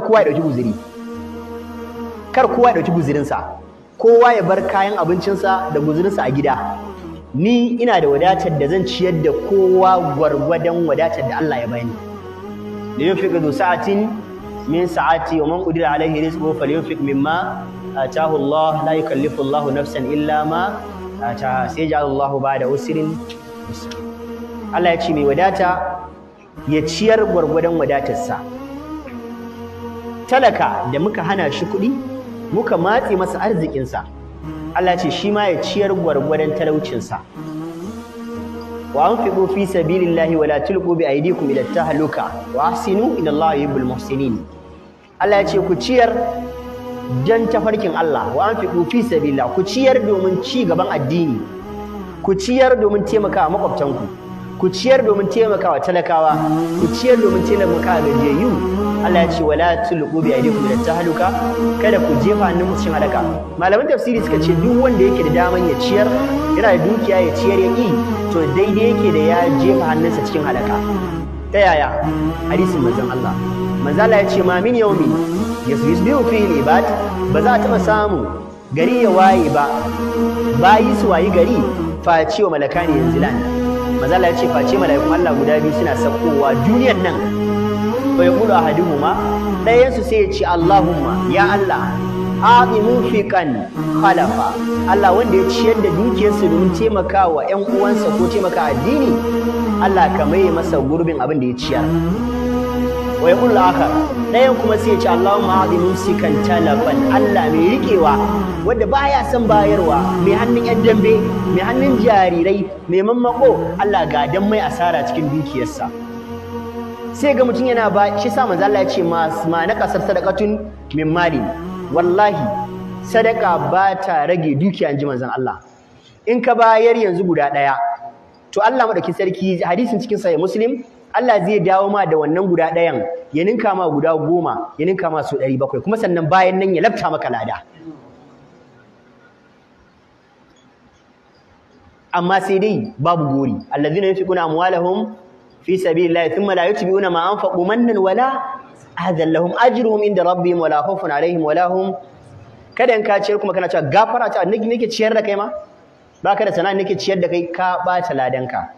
kowa ya ɗauki guziri kar kowa ya ɗauki guzirinsa kowa ya bar kayan abincinsa da guzirinsa a gida ni ina da wadatar da zan ciyar da kowa gwargwadon wadatar da Allah ya bani da yin fiƙa zu sa'atin min sa'ati wa man ƙudira alaihi rizquhu falyunfiq mimma atahu Allah la yukallifu Allah nafsan illa ma ataha sai ja Allah ba'da usrin Allah ya ce mai wadata ya ciyar gwargwadon wadatarsa talaka da muka hana shi kuɗi muka matse masa arzikinsa Allah ce shi ma ya ciyar gwargwaron talaucinsa wa an fi sabilillahi wa la tulqu bi aydikum ila tahluka wa ahsinu inna Allaha yuhibbul muhsinin Allah ya ce ku ciyar dan tafarkin Allah wa anfiqu fi sabilillah ku ciyar domin ci gaban addini ku ciyar domin taimakawa makwabtanku ku ciyar domin taimakawa talakawa ku ciyar domin taimakawa gajiyayyu Allah ya ce wala tulqu bi aydikum ila tahluka kada ku jefa hannun cikin halaka malaman tafsiri suka ce duk wanda yake da daman ya ciyar yana da dukiya ya ciyar ya yi to daidai yake da ya jefa hannunsa cikin halaka ta yaya hadisin manzon Allah manzo Allah ya ce ma min yaumi yasbihu fi ibad ba za ta taba samu gari ya waye ba bayi su wayi gari face wa malakani yanzu lan manzo Allah ya ce face mala'ikun Allah guda biyu suna sakowa duniyar nan fa yaqulu ahaduhuma dayan su sai ya ce Allahumma ya Allah ati munfiqan khalafa Allah wanda ya ciyar da dukiyarsa domin taimaka wa 'yan uwansa ko taimaka addini Allah ka mai masa gurbin abin da ya ciyar wa yaqulu akhar dayan kuma sai ya ce Allahumma ati mumsikan talafan Allah mai rikewa wanda baya san bayarwa mai hannun yan dambe mai hannun jarirai mai mammako Allah ga dan mai asara cikin dukiyarsa sai ga mutum yana ba shi sa manzo Allah ya ce ma na kasar sadakatun min wallahi sadaka ba ta rage dukiya ji manzon Allah in ka bayar yanzu guda daya to Allah madaukin sarki hadisin cikin sahih muslim Allah zai dawo ma da wannan guda dayan ya ninka ma guda goma ya ninka ma su ɗari bakwai kuma sannan bayan nan ya lafta maka lada amma sai dai babu gori allazina yunfiquna amwalahum fi sabilillahi thumma la yutbi'una ma anfaqu mannan wala adan lahum ajruhum inda rabbihim wala khawfun alaihim wala hum kada in ka ciyar kuma kana cewa gafara ta nake ciyar da kai ma baka da sana'a nake ciyar da kai ka bata ladanka